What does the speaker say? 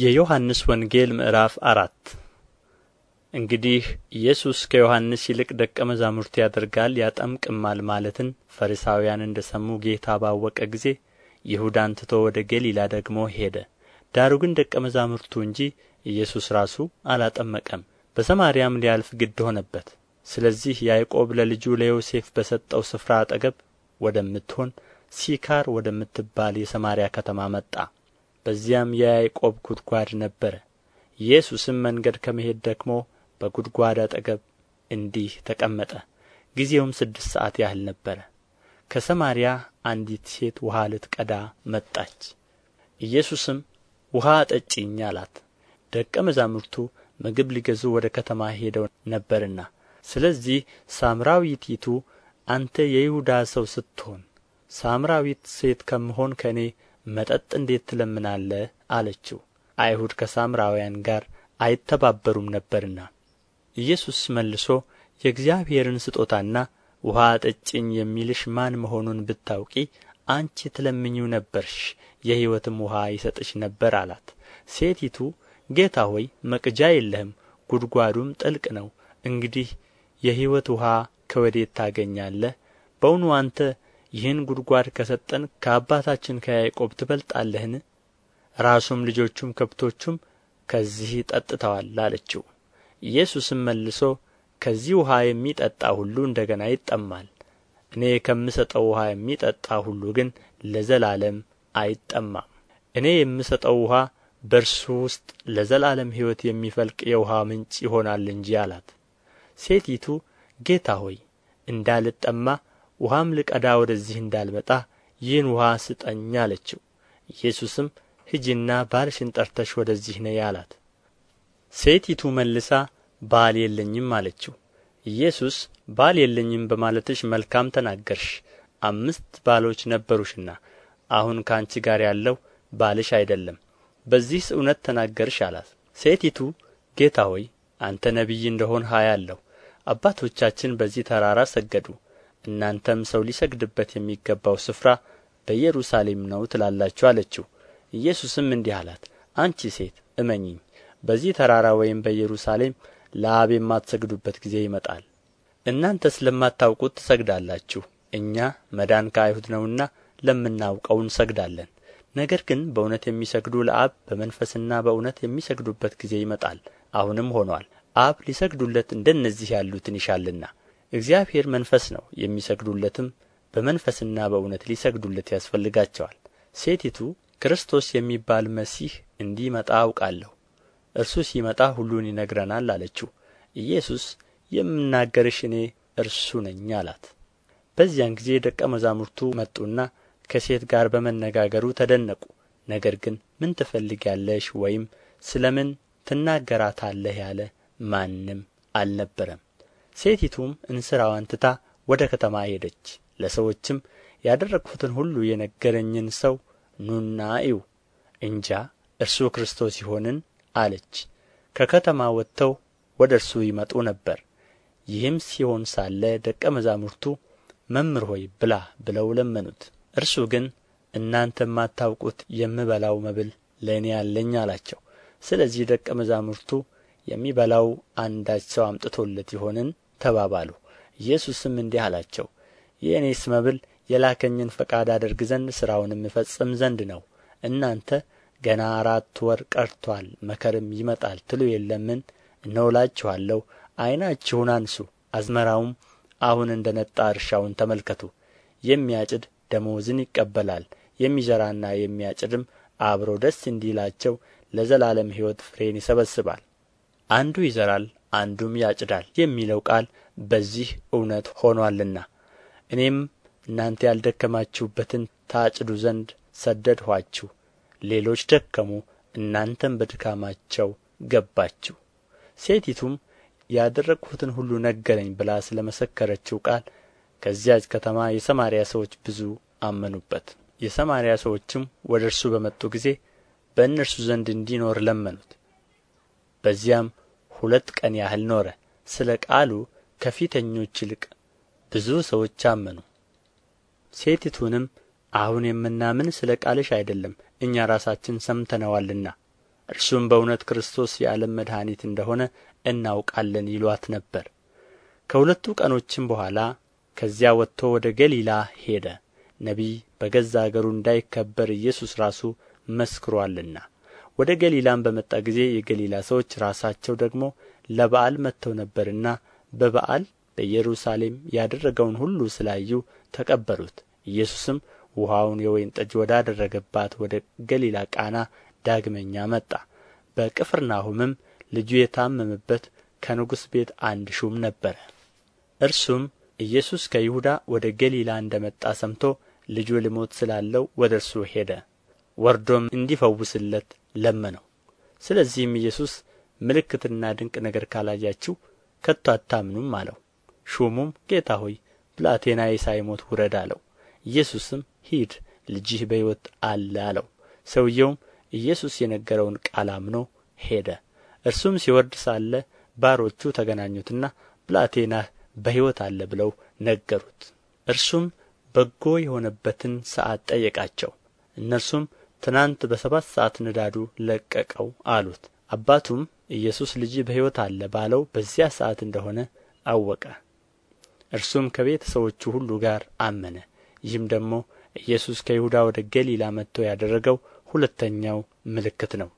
የዮሐንስ ወንጌል ምዕራፍ አራት እንግዲህ ኢየሱስ ከዮሐንስ ይልቅ ደቀ መዛሙርት ያደርጋል ያጠምቅማል ማለትን ፈሪሳውያን እንደ ሰሙ ጌታ ባወቀ ጊዜ ይሁዳን ትቶ ወደ ገሊላ ደግሞ ሄደ። ዳሩ ግን ደቀ መዛሙርቱ እንጂ ኢየሱስ ራሱ አላጠመቀም። በሰማርያም ሊያልፍ ግድ ሆነበት። ስለዚህ ያዕቆብ ለልጁ ለዮሴፍ በሰጠው ስፍራ አጠገብ ወደምትሆን ሲካር ወደምትባል የሰማርያ ከተማ መጣ። በዚያም የያዕቆብ ጕድጓድ ነበረ ኢየሱስም መንገድ ከመሄድ ደክሞ በጕድጓድ አጠገብ እንዲህ ተቀመጠ ጊዜውም ስድስት ሰዓት ያህል ነበረ ከሰማርያ አንዲት ሴት ውሃ ልትቀዳ መጣች ኢየሱስም ውሃ አጠጪኝ አላት ደቀ መዛሙርቱ ምግብ ሊገዙ ወደ ከተማ ሄደው ነበርና ስለዚህ ሳምራዊቲቱ አንተ የይሁዳ ሰው ስትሆን ሳምራዊት ሴት ከምሆን ከእኔ መጠጥ እንዴት ትለምናለህ አለችው አይሁድ ከሳምራውያን ጋር አይተባበሩም ነበርና ኢየሱስ መልሶ የእግዚአብሔርን ስጦታና ውሃ ጠጭኝ የሚልሽ ማን መሆኑን ብታውቂ አንቺ ትለምኚው ነበርሽ የሕይወትም ውሃ ይሰጥሽ ነበር አላት ሴቲቱ ጌታ ሆይ መቅጃ የለህም ጉድጓዱም ጥልቅ ነው እንግዲህ የሕይወት ውሃ ከወዴት ታገኛለህ በውኑ አንተ ይህን ጉድጓድ ከሰጠን ከአባታችን ከያዕቆብ ትበልጣለህን? ራሱም ልጆቹም ከብቶቹም ከዚህ ጠጥተዋል አለችው። ኢየሱስም መልሶ ከዚህ ውኃ የሚጠጣ ሁሉ እንደ ገና ይጠማል፣ እኔ ከምሰጠው ውኃ የሚጠጣ ሁሉ ግን ለዘላለም አይጠማም። እኔ የምሰጠው ውኃ በእርሱ ውስጥ ለዘላለም ሕይወት የሚፈልቅ የውኃ ምንጭ ይሆናል እንጂ አላት። ሴቲቱ ጌታ ሆይ እንዳልጠማ ውኃም ልቀዳ ወደዚህ እንዳልመጣ ይህን ውኃ ስጠኝ አለችው ኢየሱስም ሂጂና ባልሽን ጠርተሽ ወደዚህ ነይ አላት ሴቲቱ መልሳ ባል የለኝም አለችው ኢየሱስ ባል የለኝም በማለትሽ መልካም ተናገርሽ አምስት ባሎች ነበሩሽና አሁን ከአንቺ ጋር ያለው ባልሽ አይደለም በዚህስ እውነት ተናገርሽ አላት ሴቲቱ ጌታ ሆይ አንተ ነቢይ እንደሆንህ አያለሁ አባቶቻችን በዚህ ተራራ ሰገዱ እናንተም ሰው ሊሰግድበት የሚገባው ስፍራ በኢየሩሳሌም ነው ትላላችሁ አለችው ኢየሱስም እንዲህ አላት አንቺ ሴት እመኚኝ በዚህ ተራራ ወይም በኢየሩሳሌም ለአብ የማትሰግዱበት ጊዜ ይመጣል እናንተስ ለማታውቁት ትሰግዳላችሁ እኛ መዳን ከአይሁድ ነውና ለምናውቀው እንሰግዳለን ነገር ግን በእውነት የሚሰግዱ ለአብ በመንፈስና በእውነት የሚሰግዱበት ጊዜ ይመጣል አሁንም ሆኗል። አብ ሊሰግዱለት እንደነዚህ ያሉትን ይሻልና እግዚአብሔር መንፈስ ነው የሚሰግዱለትም በመንፈስና በእውነት ሊሰግዱለት ያስፈልጋቸዋል ሴቲቱ ክርስቶስ የሚባል መሲህ እንዲመጣ አውቃለሁ እርሱ ሲመጣ ሁሉን ይነግረናል አለችው ኢየሱስ የምናገርሽ እኔ እርሱ ነኝ አላት በዚያን ጊዜ ደቀ መዛሙርቱ መጡና ከሴት ጋር በመነጋገሩ ተደነቁ ነገር ግን ምን ትፈልጊያለሽ ወይም ስለ ምን ትናገራታለህ ያለ ማንም አልነበረም ሴቲቱም እንስራዋን ትታ ወደ ከተማ ሄደች ለሰዎችም ያደረግሁትን ሁሉ የነገረኝን ሰው ኑና እዩ እንጃ እርሱ ክርስቶስ ይሆንን አለች ከከተማ ወጥተው ወደ እርሱ ይመጡ ነበር ይህም ሲሆን ሳለ ደቀ መዛሙርቱ መምህር ሆይ ብላ ብለው ለመኑት እርሱ ግን እናንተ የማታውቁት የምበላው መብል ለእኔ አለኝ አላቸው ስለዚህ ደቀ መዛሙርቱ የሚበላው አንዳች ሰው አምጥቶለት ይሆንን ተባባሉ ኢየሱስም እንዲህ አላቸው የእኔስ መብል የላከኝን ፈቃድ አደርግ ዘንድ ሥራውንም እፈጽም ዘንድ ነው እናንተ ገና አራት ወር ቀርቶአል መከርም ይመጣል ትሉ የለምን እነሆ እላችኋለሁ ዐይናችሁን አንሱ፣ አዝመራውም አሁን እንደ ነጣ እርሻውን ተመልከቱ የሚያጭድ ደሞዝን ይቀበላል የሚዘራና የሚያጭድም አብሮ ደስ እንዲላቸው ለዘላለም ሕይወት ፍሬን ይሰበስባል አንዱ ይዘራል አንዱም ያጭዳል የሚለው ቃል በዚህ እውነት ሆኖአልና እኔም እናንተ ያልደከማችሁበትን ታጭዱ ዘንድ ሰደድኋችሁ ሌሎች ደከሙ እናንተም በድካማቸው ገባችሁ ሴቲቱም ያደረግሁትን ሁሉ ነገረኝ ብላ ስለ መሰከረችው ቃል ከዚያች ከተማ የሰማርያ ሰዎች ብዙ አመኑበት የሰማርያ ሰዎችም ወደ እርሱ በመጡ ጊዜ በእነርሱ ዘንድ እንዲኖር ለመኑት በዚያም ሁለት ቀን ያህል ኖረ ስለ ቃሉ ከፊተኞች ይልቅ ብዙ ሰዎች አመኑ ሴቲቱንም አሁን የምናምን ስለ ቃልሽ አይደለም እኛ ራሳችን ሰምተነዋልና እርሱም በእውነት ክርስቶስ የዓለም መድኃኒት እንደሆነ እናውቃለን ይሏት ነበር ከሁለቱ ቀኖችም በኋላ ከዚያ ወጥቶ ወደ ገሊላ ሄደ ነቢይ በገዛ አገሩ እንዳይከበር ኢየሱስ ራሱ መስክሮአልና ወደ ገሊላም በመጣ ጊዜ የገሊላ ሰዎች ራሳቸው ደግሞ ለበዓል መጥተው ነበርና በበዓል በኢየሩሳሌም ያደረገውን ሁሉ ስላዩ ተቀበሉት። ኢየሱስም ውሃውን የወይን ጠጅ ወዳደረገባት ወደ ገሊላ ቃና ዳግመኛ መጣ። በቅፍርናሁምም ልጁ የታመመበት ከንጉሥ ቤት አንድ ሹም ነበረ። እርሱም ኢየሱስ ከይሁዳ ወደ ገሊላ እንደ መጣ ሰምቶ ልጁ ሊሞት ስላለው ወደ እርሱ ሄደ። ወርዶም እንዲፈውስለት ለመነው ስለዚህም ኢየሱስ ምልክትና ድንቅ ነገር ካላያችሁ ከቶ አታምኑም አለው ሹሙም ጌታ ሆይ ብላቴናዬ ሳይሞት ውረድ አለው ኢየሱስም ሂድ ልጅህ በሕይወት አለ አለው ሰውየውም ኢየሱስ የነገረውን ቃል አምኖ ሄደ እርሱም ሲወርድ ሳለ ባሮቹ ተገናኙትና ብላቴናህ በሕይወት አለ ብለው ነገሩት እርሱም በጎ የሆነበትን ሰዓት ጠየቃቸው እነርሱም ትናንት በሰባት ሰዓት ንዳዱ ለቀቀው አሉት አባቱም ኢየሱስ ልጅ በሕይወት አለ ባለው በዚያ ሰዓት እንደሆነ አወቀ እርሱም ከቤተ ሰዎቹ ሁሉ ጋር አመነ ይህም ደግሞ ኢየሱስ ከይሁዳ ወደ ገሊላ መጥቶ ያደረገው ሁለተኛው ምልክት ነው